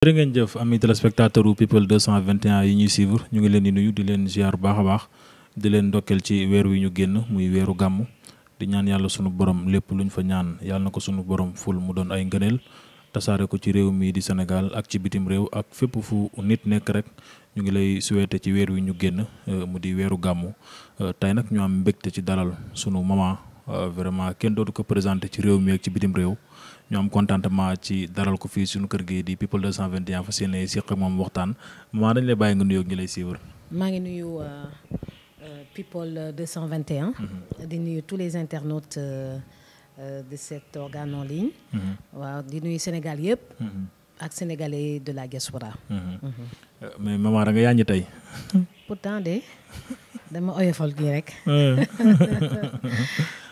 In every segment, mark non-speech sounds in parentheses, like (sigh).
jërë ngeen jëf ami téléspectateur u people 221 yi ñuy suivre ñu ngi leen di nuyu di leen ziar bu baax a baax di leen ndokkeel ci weer wi ñu génn muy weeru gàmm di ñaan yàlla sunu borom lépp luñ fa ñaan yàlla na ko sunu borom ful mu doon ay ngëneel tasaare ko ci réew mii di Sénégal ak ci bitim réew ak fépp fu nit nekk rek ñu ngi lay souhaité ci weer wi ñu génn euh, mu di weeru gàmmu euh, tey nag ñu am mbégte ci dalal sunu maman euh, vraiment kenn dootu ko présenté ci réew mi ak ci bitim réew ñu am contentement ci daral ko fii suñu kër gi di people 221 fas yéene moom waxtaan maman dañ lay bàyyi nga nuyoo ñu lay siiwal. maa ngi nuyu euh, euh, people mm-hmm. di nuyu tous les internautes euh, de cet organe en ligne. Mm-hmm. waaw di nuyu Sénégal yëpp. Mm-hmm. ak sénégalais de la diaspora. mais maman da nga yaañu tey. pourtant de dama oyofal gi rek. (laughs) (laughs)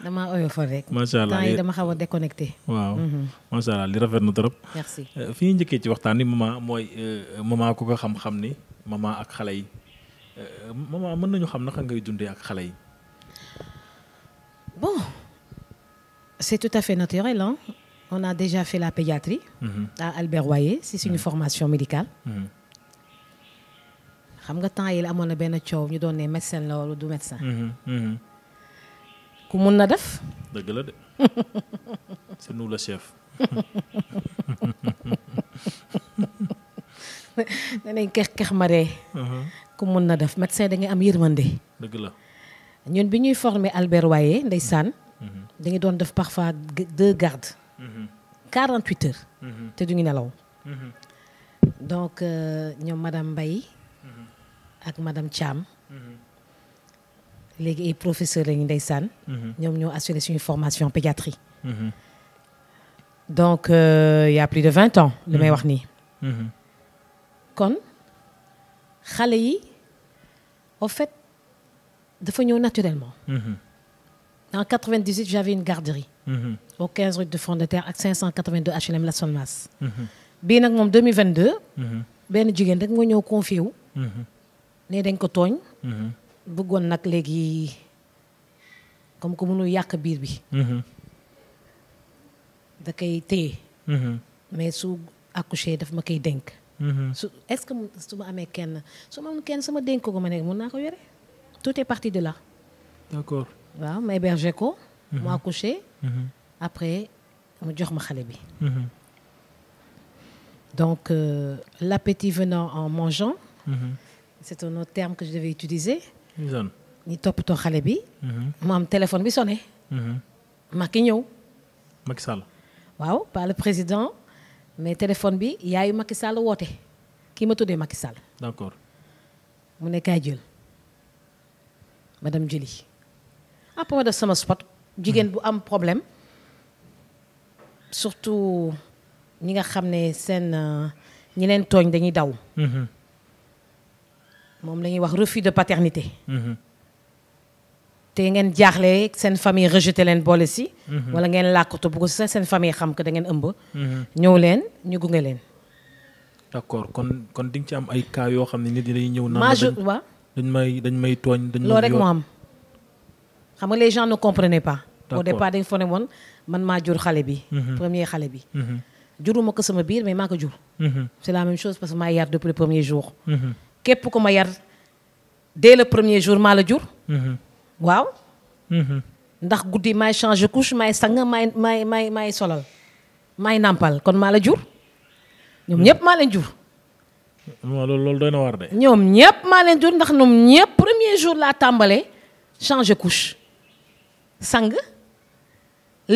damaa oyofal rek. macha allah temps yi dama xaw a déconnecté. waaw mhm. macha allah li rafet na trop. merci euh, fi ñu njëkkee ci waxtaan ni maman mooy euh, maman ku ko xam-xam ni maman ak xale yi euh, maman mën nañu xam naka ngay dundee ak xale yi. bon c'est tout à fait naturel hein. on a déjà fait la pédiatrie. Mm -hmm. à Albert Royer si suñu mm -hmm. formation médicale. Mhm. xam nga temps yi la amoon na benn coow ñu doon ne médecin la wala du médecin. Mhm. ku mun na def. dëgg la de (laughs) (laughs) ne nañ kex kex ma dee. Mhm. ku mun na def médecin da ngay am yërmande. dëgg bi ñuy former Albert Waye ndeysaan. Mhm. dañu doon def parfois deux gardes. 48 mhm. heures. te duñu nelaw. donc euh, ñoom madame Mbaye. ak madame Thiam. léegi ay professeur lañu ndeysaan mhm. ñoom ñoo assuré suñu formation pédiatrie mhm. donc euh, il y a plus de vingt ans li may mhm. wax nii kon xale yi au fait dafa ñëw naturellement en j'avais une garderie au 15 rue de Front de Terre ak 582 HLM La Solmas bii nag moom 2022 benn moo ñëw confié wu ne dañ bëggoon nag léegi comme que mënul yàq biir bi. Mm-hmm. da koy téye. Mm-hmm. mais su accouché daf ma koy dénk. Mm-hmm. su est-ce que su ma amee kenn su ma amul kenn sama dénk ko ma nekk mun naa ko yore tout est de là. d'accord waaw ma hébergé ko. mu accouché. après mu jox ma xale bi. donc euh, l'appétit venant en mangeant. c'est un autre terme que je devais utiliser. ñu toppatoo xale bi. Mhm. mu am téléphone bi sonné. Mhm. Macky ñëw. Macky Sall. waaw pas le président mais téléphone bi yaayu Macky Sall woote kii ma tuddee Macky Sall. d'accord mu ne kaay jël madame Julie après ah, ma def sama spot. jigéen bu am problème surtout ñi nga xam ne seen euh, ñi leen tooñ dañuy daw. Mhm. moom la ñuy wax refus de paternité. Mhm. te ngeen jaaxle seen famille rejeté leen boole si. Mhm. wala ngeen làkkatu bu ko si seen famille xam que da ngeen ëmb. Mhm. ñëw leen ñu gunge leen. d'accord kon kon ci am ay cas yoo xam ne nit ñi dañuy ñëw. naan dañ dañ may dañ may tooñ. dañ may loolu rek moo am. xam nga les gens ne comprenaient pas. au départ dañ fa woon man maa jur xale bi. premier xale bi. juruma ko sama biir mais maa ko jur. c'est la même chose parce que yar depuis le képp ko ma yar dès le premier jour maa la jur mhm. waaw mhm. ndax guddi may changé couche maay sang maay maay maay maay solal maay nàmpal kon maa la jur ñoom ñëpp maa leen jur loolu loolu doy na ñëpp maa leen jur ndax ñoom ñëpp premier jour laa tàmbalee changé couche sang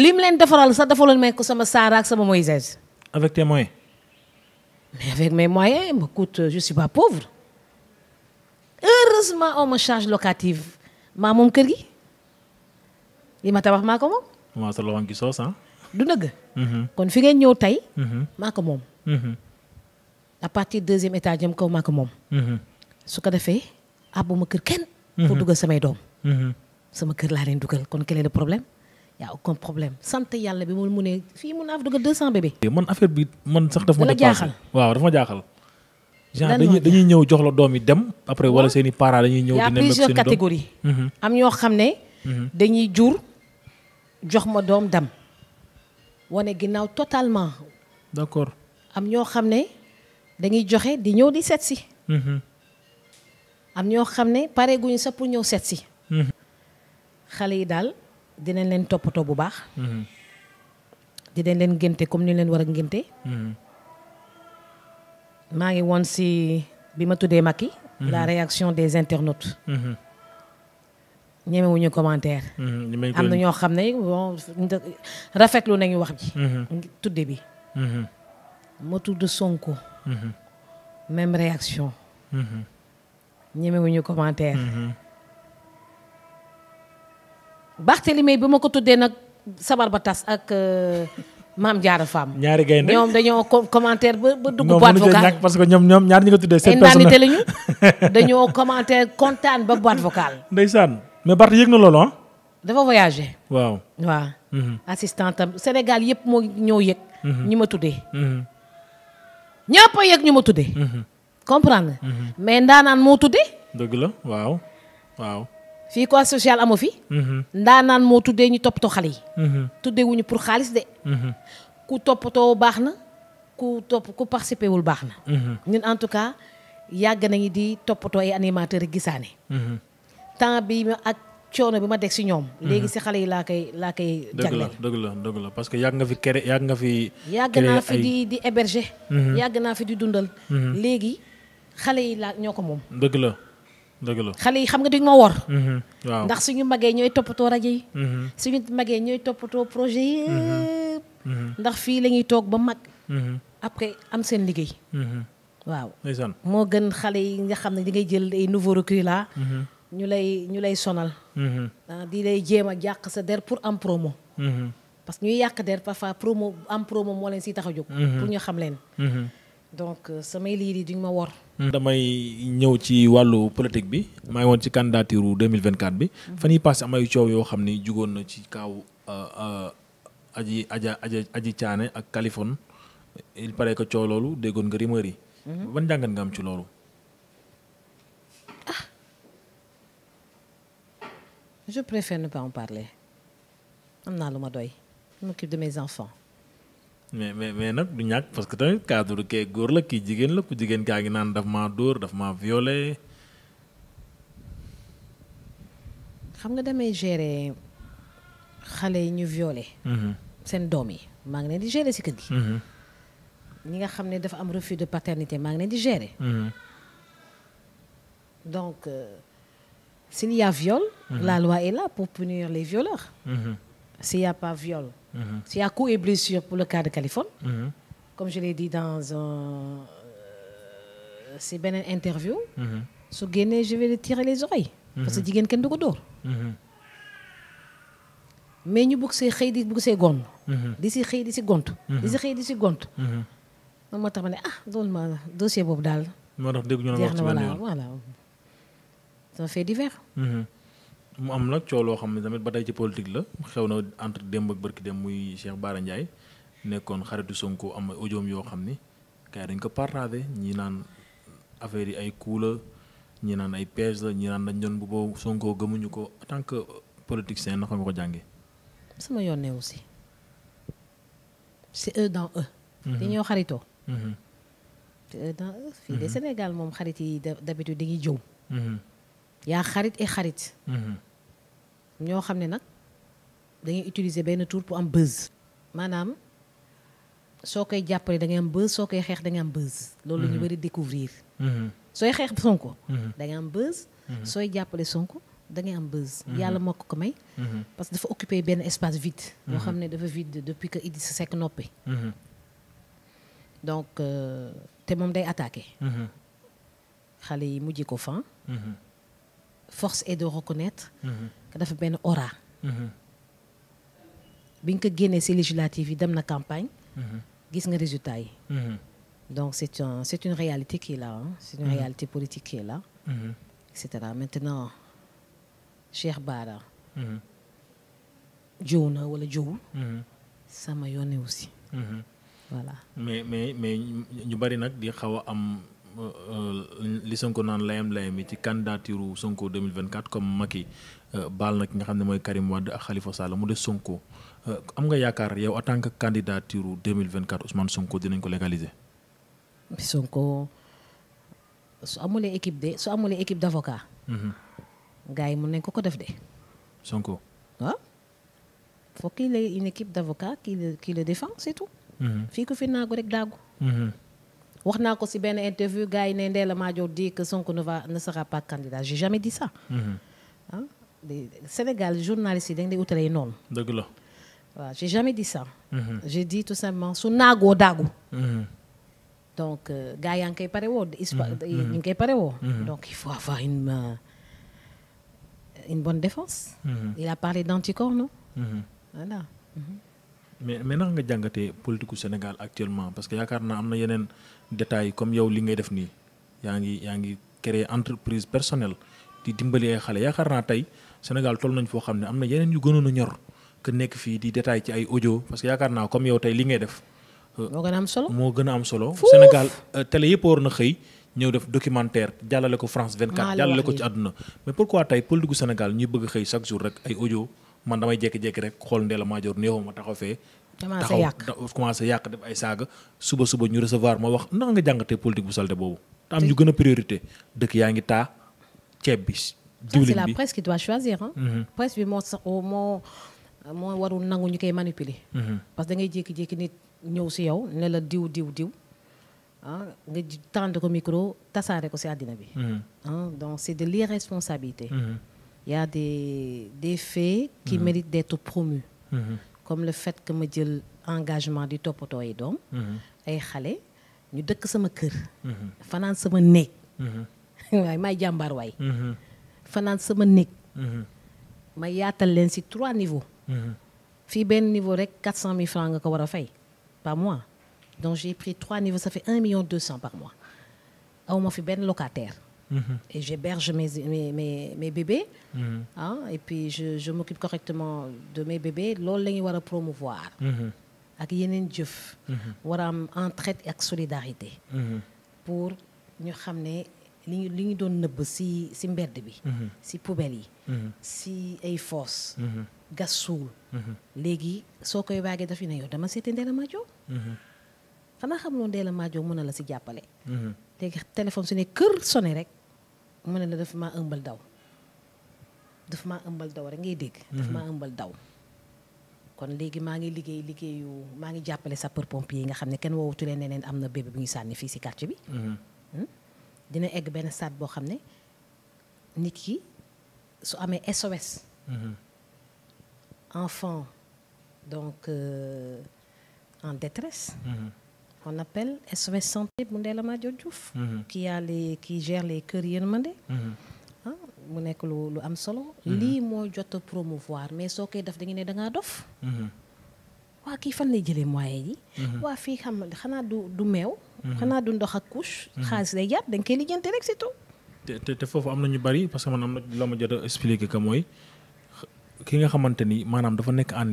lim leen defaral sax dafa loon may ko sama Sara sama Moïse avec tes moyens mais avec mes moyens ma coûte je suis pauvre heureusement aw ma charge locative maa moom kër gi li ma tabax maa ko moom. maa sa loxo ngi soos ah. du dëgg. Mhm. kon fi ngeen ñëw tey. Mhm. maa ko moom. Mhm. à partir deuxième étage jëm kaw maa ko moom. su ko defee àbbuma kër kenn. pour dugal samay doom. sama kër laa leen dugal kon quel problème y' a aucun problème sant yàlla bi mu munee fii mun naa fa dugal 200 bébé. man affaire bi man sax daf ma dépassé waaw daf ma jaaxal. genre dañuy dañuy ñëw jox la doom yi dem après wala seen i parents dañuy ñëw. di nemmeeku seen doom y' a plusieurs mhm. am ñoo xam ne. Mhm. dañuy jur jox ma doom dem. wane ginnaaw totalement. d' accord am ñoo xam ne dañuy joxe di ñëw di seet si. Mhm. am ñoo xam ne pare guñu sax pour ñëw seet si. xale yi daal dinañ leen toppatoo bu baax. dinañ leen ngénte comme ni leen war a ngénte. maa ngi woon si bi ma tuddee Macky mhm. la réaction des internautes mhm. ñemewuñu commentaire mhm. am na ñoo xam ne bon rafetlu nañu wax ji tudde bi ma tudd Sonko même réaction ñemewuñu commentaire Barthélémy bi ma ko tuddee nag sabar ba tas ak euh, maam a faam ñaari gaynde ñoom dañoo commentaire ba dugg boîte vocale parce que ñoom ñoom ñaar ñi ko tuddee seen personnalité la (laughs) ñu dañoo commentaire kontaan ba boîte vocale ndeysaan mais Bart yëg na loolu ah dafa voyagé waaw waaw mhm. assistant tam Sénégal yëpp moo ñëw yëg mhm. ñi ma tuddee mhm. ñëpp a yëg ñu ma tuddee comprendre mais ndaanaan moo tuddee dëgg la waaw fii quoi social amu fi. Mm-hmm. ndaanaan moo tuddee ñu toppatoo xale yi. Mm-hmm. tuddee wuñu pour xaalis de. Mm-hmm. ku toppatoo baax na ku topp ku participer wul baax na. ñun en tout cas yàgg nañu di toppatoo ay animateurs a gisaane. temps bi ma ak coono bi ma deg si ñoom. léegi si xale yi laa koy laa koy. jagleel dëgg la dëgg la parce que yàgg nga fi kere yàgg nga fi. yàgg naa fi di di héberger. yàgg naa fi di dundal. léegi xale yi laa ñoo ko moom. dëgg la xale yi xam nga duñ ma wor. Mhm. waaw ndax suñu magee ñooy toppatoo rajo yi. Mhm. suñu magee ñooy toppatoo projet yi. Mhm. ndax fii la ñuy toog ba mag. après am seen liggéey. waaw moo gën xale yi nga xam ne di ngay jël ay nouveau recul la ñu lay ñu lay sonal. Ah, di lay jéem a jàq sa der pour am promo. parce que ñuy yàq der parfois promo am promo moo leen siy tax a jóg. pour ñu xam leen. donc euh, samay liir yi duñ ma wor. damay ñëw ci wàllu politique bi maa ngi woon ci candidature 2024 bi fan yii passé am ay coow yoo xam ni jugoon na ci kaw aji aji caane ak Californie il paraît que coow loolu déggoon nga rumeur mhm. ban jàngat nga am ci loolu ah. mais mais mais nag du ñàkk parce que tamit cadre kee góor la kii jigéen la ku jigéen kaa ngi naan daf maa dóor daf maa violé. xam nga damay gérer xale yi ñu violé. Mhm. seen doom yi maa ngi leen di gérer si kër gi. Mhm. ñi nga xam ne dafa am refus de paternité maa ngi leen di gérer. Mhm. donc euh, s'il y a viol. Mm -hmm. la loi est là pour punir les violeurs. Mm -hmm. s'il y Mm-hmm. S'il y a coup et blessure pour le cas de Kaliphone, mm-hmm. comme je l'ai dit dans un euh, c'est beneen interview. Mm-hmm. su génnee je vais lui tirer les oreilles. parce que jigéen kenn du ko dóor. mais ñu bëgg see xëy di bëgg see gont. di si xëy di si gont. di si xëy di si gont. moom moo tax ma ne ah ma dossier boobu daal. moo tax dégg ñu ne wax ci benn yoon voilà voilà. c'est un fait divers. mu am nag coow loo xam ne tamit ba tey ci politique la xew na entre démb ak barki muy Cheikh Bara nekkoon xaritu Sonko am audio yoo xam ni gars yi dañ ko partagé ñi naan affaire yi ay coup la ñi naan ay piège la ñi naan dañ doon bu boobu Sonko gëmuñu ko en tant que politicien naka nga ko jàngee. sama yoon ne aussi c'est eux dans eux. Mhm. dañoo xaritoo. Mhm. c'est eux dans eux. fii de mhm. Sénégal moom xarit yi d'habitude dañuy jëw. yaa xarit et xarit. ñoo xam ne nag dañuy utiliser benn tour pour am buzz maanaam soo koy jàppale da ngay am buzz soo koy xeex da am buzz. loolu la ñu mhm. bëri découvrir mhm. sooy xeex mhm. Sonko. da ngay am buzz. sooy jàppale Sonko da am buzz. yàlla moo ko ko may. parce que dafa occupé benn espace vide. boo xam ne dafa vide depuis que Idrissa Seck noppi. donc euh, te moom day attaqué. xale yi mujjee ko fan. force est de reconnaître mhm. que dafa benn aura mhm. biñ ko génnee ci législative yi dem na campagne mhm. gis nga résultat yi donc c'est un c'est une réalité qui la là hein c'est une réalité politique qui est et cetera maintenant Cheikh Bara jiw na wala jiwul sama yoon aussi voilà mais mais ñu bari nag di xaw am Euh, euh, li Sonko naan layam-layam yi ci candidature Sonko 2024 comme Macky euh, baal na ki nga xam ne mooy Karim Wade ak Khalifa Sall mu des Sonko am nga yaakaar yow en tant que candidature 2024 Ousmane Sonko dinañ ko légaliser. Sonko su amulee équipe de su amulee équipe d' avocat. Mhm. gars yi nañ ko ko def de. Sonko waaw. Ah? faut qu'il une équipe d' avocats qui le qui le défend mhm. fii ko fi naagu rek daagu. Mhm. wax naa ko si benn interview gars yi ne Ndella Madior dit que Sonko ne va ne sera pas candidat j'ai jamais dit ça. Mhm. Sénégal journaliste yi dañ lay utalee noonu. dëgg la waaw jamais dit ça. Mhm. j'ai dit tout simplement su naagoo daagu. Mhm. donc euh, gars yaa ngi koy pare woo. ñu ngi pare woo. donc il faut avoir une euh, bonne défense. il a parlé d'anticorps non. voilà. mais mais naka nga jàngatee politique Sénégal actuellement parce que yaakaar naa am na yeneen détails comme yow li ngay def nii yaa ngi yaa ngi créer entreprise personnel di dimbali ay xale yaakaar naa tey Sénégal toll nañ foo xam ne am na yeneen yu gënoon a ñor que nekk fii di détail ci ay audio parce que yaakaar naa comme yow tey li ngay def. Euh, moo gën a am solo moo gën a Sénégal euh, télé yëpp war na xëy ñëw def documentaire jàllale ko France 24. jàllale ko ci àdduna mais pourquoi tey politique Sénégal ñuy bëgg xëy chaque jour rek ay audio. man damay jékki-jékki rek xool Ndella Madior néew ma taxaw fee. commencé yàq taxaw commencé yàq def ay saaga suba suba ñu recevoir ma wax naka nga jàngatee politique bu salte boobu. te am ñu gën a priorité dëkk yaa ngi taa ceeb bi. diwlin bi c'est la presse qui doit choisir ah. bi moo sax oh, moo moo warul nangu ñu koy manipuler. Mm-hmm. parce que da ngay jékki nit ñëw si yow ne diw diw diw. Ah, nga tànd ko micro tasaare ko si àddina bi. Mm-hmm. Ah, donc c'est de l'irresponsabilité. y a des des ki qui mmh. méritent d'être mhm. comme le fait que ma jël engagement di toppatoo ay doom mhm. ay xale ñu dëkk sama kër mhm. fanaan sama néeg (laughs) waaye maay jàmbaar waay fanaan sama néeg ma yaatal leen si trois niveaux fii benn niveau rek quatre cent mille francs nga ko war a fay par mois donc j'ai pris trois niveaux ça fait un million deux cent par mois aw ma fi benn locataire Mm-hmm. et j'héberge mes, mes, mes, mes, bébés. ah et puis je, je m'occupe correctement de mes bébés loolu la ñu a promouvoir. Mm-hmm. ak yeneen jëf. war a am entraide ak solidarité. pour ñu xam ne li ñu li ñu doon nëbb si si mbedd bi si poubelle yi si ay fosse gas suul léegi soo koy waagee dafa ne yow dama seete Ndella Madior xanaa xam loo Ndella Madior mën na la si jàppale léegi téléphone su ne kër sonné rek mu ne la dafa maa ëmbal daw dafa maa ëmbal daw rek ngay dégg. dafa mhm. maa ëmbal daw. kon léegi maa ngi liggéey liggéeyu maa ngi jàppale sapeur pompier yi nga xam ne kenn woowutu leen ne leen am na bébé bu ñu sànni fii si quartier bi. Mhm. Hmm? dina egg benn stade boo xam ne nit ki su amee SOS. Mhm. enfant donc euh, en détresse. qu'on appelle SOS Santé bu Ndella Madior Diouf mm-hmm. qui a les qui gère les Kër Yërmande mm-hmm. ah mu nekk lu lu am solo mm-hmm. lii moo jot a promouvoir mais soo koy def da ngeen ne da ngaa dof waa kii fan lay jëlee moyen yi waa fii xam xanaa du du meew xanaa du ndox ak couche xaalis day jàpp da nga koy lijjante rek surtout te te foofu am na ñu bari parce man am na ma jot a expliquer que mooy ki nga xamante ni maanaam dafa nekk en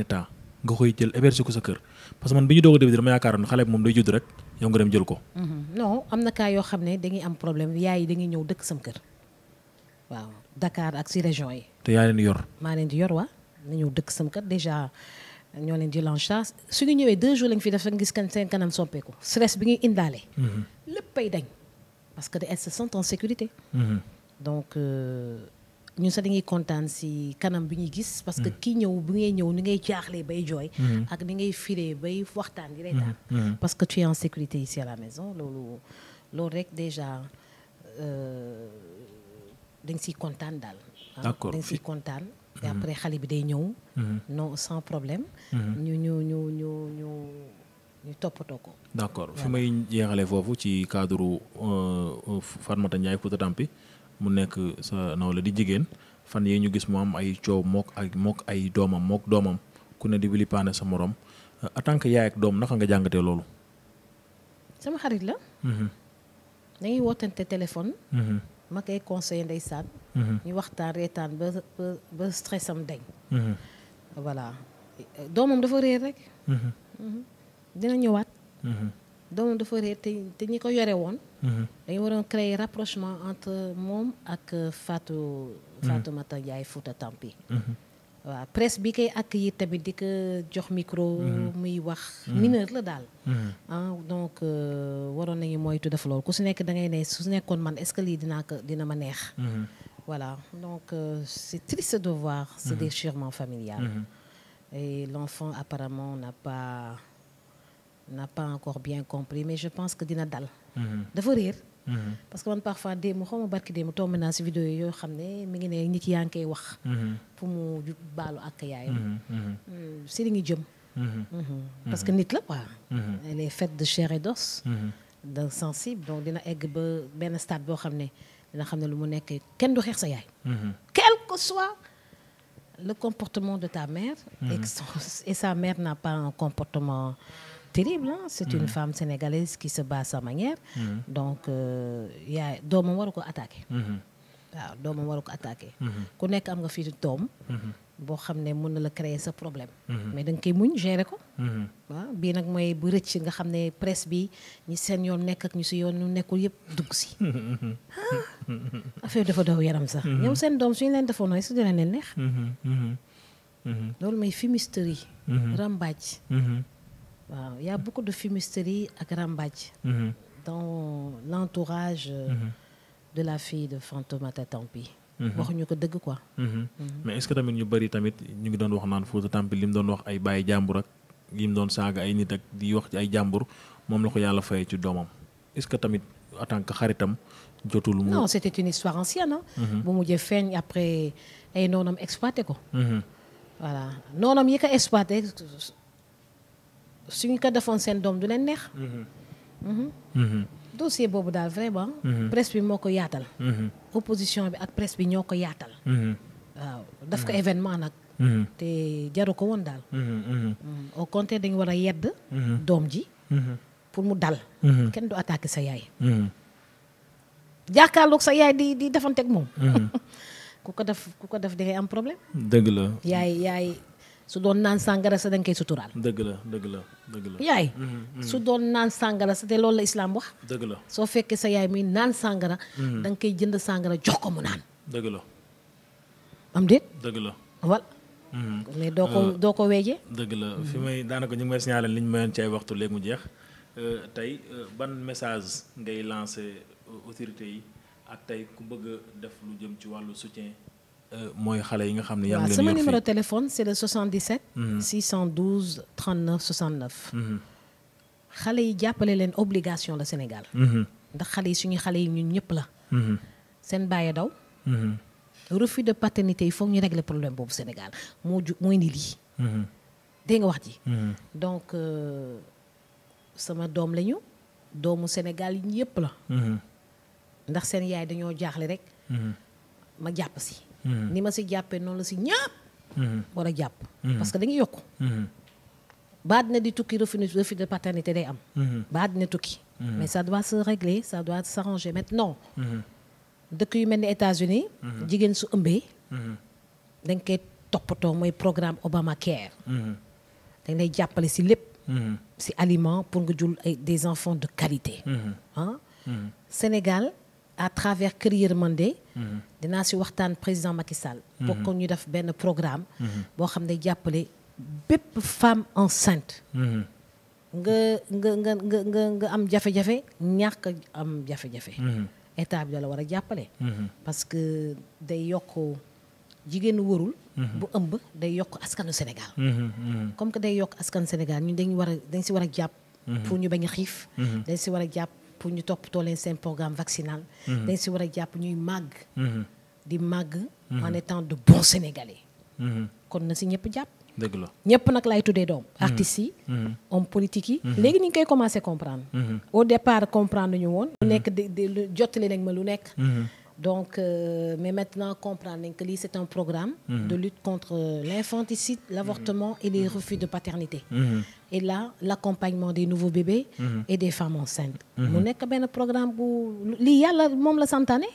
nga koy jël héberger ko sa kër parce que man bi ñu doog a début dama yaakaaroon xale bi moom day judd rek yow nga dem jël ko. Mhm. non am na cas yoo xam ne dañuy am problème yaay yi ñëw dëkk sam kër waaw Dakar ak si région yi. te yaa leen yor. maa leen yor waa na ñëw dëkk sam kër déjà ñoo leen jël en charge su ñu ñëwee deux jours lañ fi def rek seen kanam soppeeku stress bi ngay indaale. Mhm. léppay dañ parce que da se sent en sécurité. Mhm. Euh, ñun sax dañuy kontaan si kanam bi ñuy gis. parce que mm. kii ñëw bu ngay ñëw ni ngay jaaxlee bay jooy. Mm-hmm. ak ni ngay fire bay waxtaan di reetaan. Mm-hmm. Mm-hmm. parce que tu es en sécurité ici à la maison loolu loolu rek déjà euh, dañ si kontaan daal. d'accord dañ siy kontaan. et après xale bi day ñëw. non sans problème. ñu ñu ñu ñu ñu ñu toppatoo ko. d'accord fi may jeexalee foofu ci cadre euh, euh, Fatmata Ndiaye Fouta Tampi. mu nekk sa nawla di jigéen fan yii ñu gis mu am ay coow mook ay mook ay doomam mook doomam ku ne di wilipaane sa morom a euh, tant yaay ak doom naka nga jàngatee loolu. sama xarit la. Mhm. dañuy wootante téléphone. Mhm. ma koy conseillé ndeysaan. Mhm. ñu waxtaan reetaan ba ba stressam dañ. voilà euh, doomam dafa réer rek. dina ñëwaat. doomam dafa réer te ñi ko yore woon. Mhm. dañu waroon créer rapprochement entre moom ak euh, Fatou. Mhm. Fatoumata Ndiaye Fouta Tampi. Mhm. waaw presse bi kay ak yi tamit di ko jox micro. muy wax mineur la daal. Ah, donc euh, waroon nañu moytu def loolu ku su nekk da ngay ne su nekkoon man est-ce que lii dinaa ko dina ma neex. voilà donc euh, c'est triste de voir ce déchirement familial. et l'enfant apparemment n'a pas. n'a pas encore bien compris mais je pense que dina dal. Mhm. dafa réer. Mhm. parce que man parfois démb xaw barki démb tombé naa si vidéo yoo xam ne mi ngi ne nit yaa ngi koy wax. pour mhm. mu baalu ak yaayam. si hmm, li ngi jëm. parce que nit la quoi. elle est de chair et d'os. donc sensible donc dina egg ba benn stade boo xam ne dina xam ne lu mu nekk kenn du xeex sa yaay. quel que soit le comportement de ta et sa mère n'a pas un comportement. terrible ah c'est une mm-hmm. femme sénégalaise qui se bat à sa manière mm-hmm. donc yaay euh, doomam waru ko attaqué mm-hmm. waaw doomam waru ko attaqué ku nekk am nga fii doom boo xam ne mën na la créer sa problème mais da nga koy muñ gérer ko bii nag mooy bu rëcc nga xam ne presse bi ñi seen yoon nekk ak ñu si yoon ñu nekkul yëpp dugg si ah, affaire dafa daw yaram sax ñoom seen doom suñu leen defoon nooy su dina leen neex loolu mooy fumisterie rambaaj waaw y' a beaucoup de fumisterie ak rambaaj. Mhm. dans l'entourage euh, mhm. de la fille de Fatoumata Tampi. Mhm. waxuñu ko dëgg quoi. mais est-ce que tamit ñu bari tamit ñu ngi doon wax naan Fouta Tampi li mu doon wax ay bàyyi jàmbur ak li doon saaga ay nit ak di wax ci ay jàmbur moom la ko yàlla fayee ci doomam est-ce que tamit en tant que xaritam jotul mu. non c'était une histoire ancienne bu mujjee feeñ après ay noonam exploité ko. voilà yi ko exploité suñ ko defoon seen doom du leen neex. Mm-hmm. Mm-hmm. Mm-hmm. dossier boobu daal vraiment. presse bi moo ko yaatal. opposition bi ak presse bi ñoo ko yaatal. waaw daf ko événement nag. te jaru ko woon daal. au contraire dañu war a yedd. doom ji. pour mu dal. kenn du attaqué sa yaay. jàkkaarloog sa yaay di di defanteeg moom. (laughs) ku ko def ku ko def da ngay am problème. dëgg la yaay yaay. su doon naan sàngara sa danga koy suturaal. dëgg la dëgg la dëgg la. yaay. Mm-hmm, mm-hmm. su doon naan sàngara sa te loolu la islam wax. dëgg la soo fekkee sa yaay muy naan sàngara. Mm-hmm. da koy jënd sàngara jox ko mu naan. dëgg la. am déet. doo ko euh, doo ko weeje dëgg la fi may daanaka ñu ngi may signaler li ñu ci ay waxtu léegi mu jeex euh, tey euh, ban message ngay lancé autorité yi ak tey ku bëgg a def lu jëm ci wàllu soutien. Euh, mooy xale yi nga xam ne yaa ngi leen sama numéro téléphone c'est le 77. 612 mhm. mhm. xale yi jàppale leen obligation la Sénégal. Mhm. ndax xale yi suñu xale yi ñun ñëpp la. seen bàyyi daw. refus de paternité yi foog ñu régler problème boobu Sénégal moo ju mooy ni lii. dégg nga wax ji. donc euh, sama doom lañu doomu Sénégal yi ñëpp la. ndax seen yaay dañoo jaaxle rek. ma jàpp si. Mm-hmm. ni ma si jàppee noonu la si ñëpp. Mm-hmm. war a jàpp. Mm-hmm. parce que dañuy yokk. ba àddina di tukki refus refus de paternité day am. ba àddina tukki. mais ça doit se régler ça doit s'arranger maintenant. dëkk yu mel ni États-Unis jigéen su ëmbee. dañ koy toppatoo mooy programme Obamacare. dañ lay jàppale si lépp. si aliment pour nga jul ay des enfants de qualité. Ah? Sénégal. à travers Kër Yërmande. Mhm. dinaa si waxtaan président Macky Sall. pour mhm. que ñu def benn programme. Mhm. boo xam ne jàppale bépp femme enceinte. nga nga nga nga nga am jafe-jafe ñàkk am jafe-jafe. état bi da war a jàppale. parce que day yokk jigéenu warul. bu ëmb day yokk askanu Sénégal. comme que day yokk askanu Sénégal ñun dañ war dañ si war a jàpp. pour ñu bañ a xiif. dañ si war a jàpp. pour ñu toppatoo leen seen programme vaccinal. Mhm. dañ si war a jàpp ñuy màgg. Mhm. di màgg. Mhm. en étant de bons sénégalais. kon na si ñëpp jàpp. dëgg la ñëpp nag laay tuddee doom. artistes yi. homme politique yi. léegi ñu koy commencé comprendre. au départ comprendre ñu woon. lu nekk di di jottali ma lu nekk. donc euh, mais maintenant comprendre nañ que lii c'est un programme mmh. de lutte contre euh, l'infanticide l'avortement mmh. et les mm-hmm. refus de paternité mmh. et là l'accompagnement des nouveaux bébés mm-hmm. et des femmes enceintes mm-hmm. mu nekk benn programme bu lii yàlla moom la santaane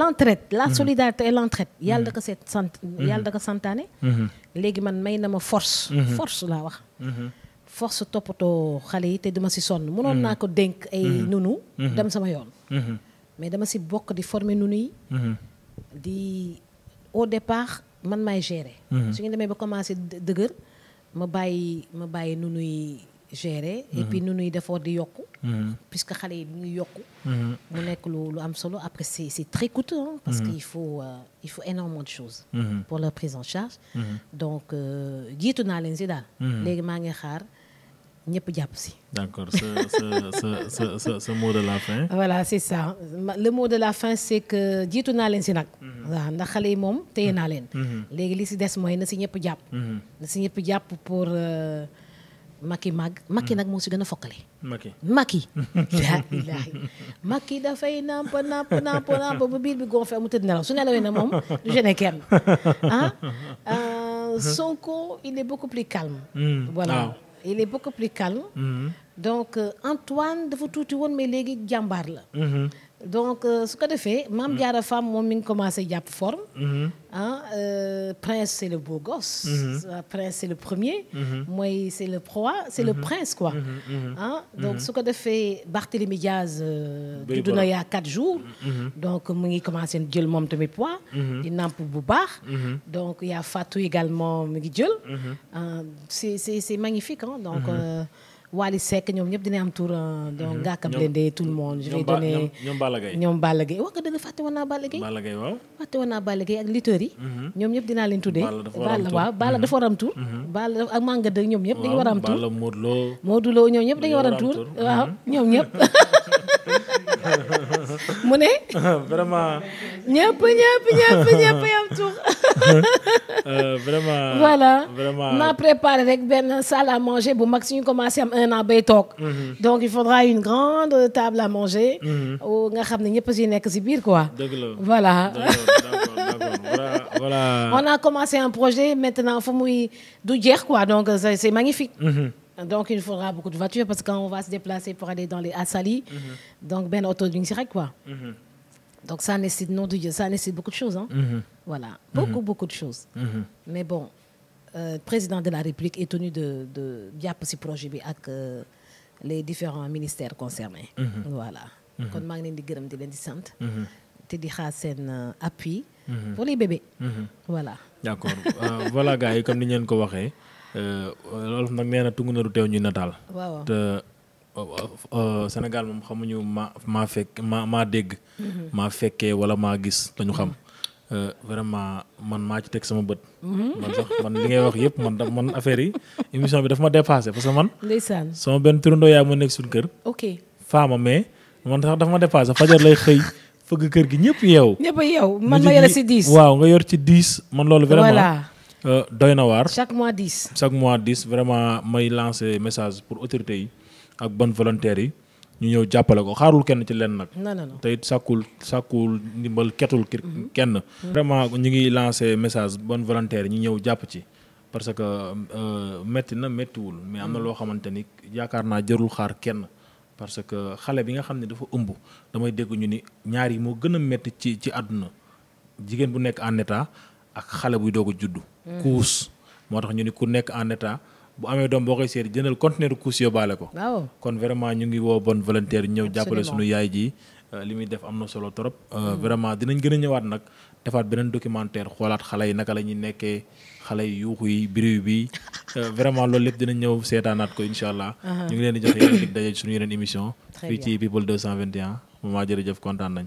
l'entraide la solidarité et l'entraide yàlla da ko seet sant yàlla da ko santaane léegi man may na ma force force laa wax force toppatoo xale yi te dama si sonn mënoon naa ko dénk ay nunu dem sama yoon mais dama si bokk di former nu nuy mhm. di au départ man maay gérer. Mhm. su ñu demee ba commencé dëgër ma bàyyi ma bàyyi nu nuy gérer. et mhm. puis nu nuy defoor di yokku. puisque xale yi ñu ngi yokku. mu nekk lu lu am solo après c' est c' est très coûteux parce que euh, il faut euh, de choses. pour leur prise en charge. donc euh, jiitu naa leen si daal. léegi maa ngi xaar. ñëpp jàpp si. d'accord sa mot de la fin. voilà c'est ça le mot de la fin c'est que jiitu naa leen si nag. Mhm. waaw ndax xale yi moom téye naa leen. Mhm. Mhm. léegi li si des mooy na si ñëpp jàpp. na si ñëpp jàpp pour euh, Macky mag Macky nag moo si gën a fokkale. Macky Macky. laa (laughs) ilaahi Macky dafay nàmp nàmp nàmp nàmp ba biir bi gonfé mu tëdd nelaw su nelawee na moom du gêné kenn (laughs) ah euh, Sonko il est beaucoup plus calme. voilà. il est beaucoup plus calme. Mm-hmm. donc euh, Antoine dafa tuuti woon mais léegi jàmbaar la. Mm-hmm. donc su ko defee. maam Diarra Fam moom mi ngi commencé jàpp forme. Mm-hmm. ah euh, prince c' est le beau gosse. Mm-hmm. Ah, prince c' est le premier. Mm-hmm. mooy c' est le proie c' est le prince quoi. ah donc su ko defee Barthélémy Diaz. Euh, bëri na yaa quatre jours. donc mu ngi commencé jël moom tamit poids. di nàmp bu baax. donc y' a Fatou également mu ngi jël. Ah, c' est c' est c' est magnifique ah donc. Euh, Wally Seck ñoom ñëpp dina am tour euh, donc Ngaaka mhm. Blindé tout le monde. je vais donner ñoom Balla Gaye ñoom Balla Gaye wax nga dëgg fàtte woon naa Balla Gaye. Balla Gaye waaw fàtte woon naa Balla Gaye ak lutteurs yi. Mhm. ñoom ñëpp dinaa leen tuddee. Balla waaw Balla mhm. dafa war am tour. Balla ak Manga Dëgg ñoom ñëpp dañu war am tour. Balla Modou Lo Modou Lo ñoom ñëpp dañu war am tour waaw ñoom ñëpp. (laughs) mu ne. vraiment. ñëpp ñëpp ñëpp ñëpp yam tuux. Euh, vraiment. voilà vraiment naa préparé rek benn salle à manger bu mag suñu commencé am un an bay toog. Mhm. donc il faudra une grande table à manger. Mhm. nga xam ne ñëpp a si nekk si biir quoi. dëgg la voilà. voilà on a commencé un projet maintenant fu muy du jeex quoi donc c'est magnifique. Mhm. donc il faudra beaucoup de voitures parce que quand on va se déplacer pour aller dans les à mm-hmm. donc benn oto du ñu si quoi. Mm-hmm. donc ça nécessite non de Dieu ça nécessite beaucoup de choses mm-hmm. voilà beaucoup de choses. mais bon euh, président de la République est tenu de de jàpp si projet bi ak euh, les différents ministères concernés. voilà kon maa ngi leen di gërëm di te di xaar euh, appui. pour les bébés. voilà. d'accord voilà gars comme ni ñu leen ko waxee. Euh, loolu nag nee na tungu na du teew ñuy nataal. senegal te euh, euh, Sénégal moom xamuñu ma maa fekk maa maa dégg. Mhm. maa fekkee wala maa gis lañu xam. Mhm. vraiment man maa ci teg sama bët. Mhm. man sax man li ngay wax yëpp man da man affaire yi émission bi daf ma dépassé parce man. ndeysaan sama benn turandoo yaay ma nekk suñu kër. ok faama mais man sax dafa ma dépassé fajar lay xëy. fëgg kër gi ñëpp yeew. ñëpp yeew man ma yore si 10. waaw nga yor ci 10 man loolu. vraiment Euh, doy na waar chaque mois dis chaque mois dix vraiment may lancer message pour autorité yi ak bon volontaires yi ñu ñëw jàppale ko xaarul kenn ci leen nag. te it sàkkul sàkkul ndimbal ketul. Mm-hmm. kenn. vraiment ñu ngi lancer message bon volontaire yi ñu ñëw jàpp ci. parce que euh, métti na méttiwul mais am na loo xamante ni yaakaar naa jërul xaar kenn parce que xale bi nga xam ne dafa ëmb damay dégg ñu ni ñaar yi moo gën a métti ci ci àdduna jigéen bu nekk en ak xale buy doog a juddu. couche moo tax ñu ni ku nekk en état bu amee doom boo koy seet jëndal conteneur couche yóbbaale ko. waaw kon vraiment ñu ngi woo bonne volontaire ñëw jàppale suñu yaay ji. Euh, li muy def am na solo trop. Euh, mm. vraiment dinañ gën a ñëwaat nag defaat beneen documentaire xoolaat xale yi naka la ñuy nekkee xale yi yuuxu yi biriw bi (laughs) euh, vraiment lool lépp dinañ ñëw seetaanaat ko incha allah. Uh-huh. ñu ngi leen di jox yeneen dig daje suñu yeneen émission. fii ci people 221 moment kontaan nañ.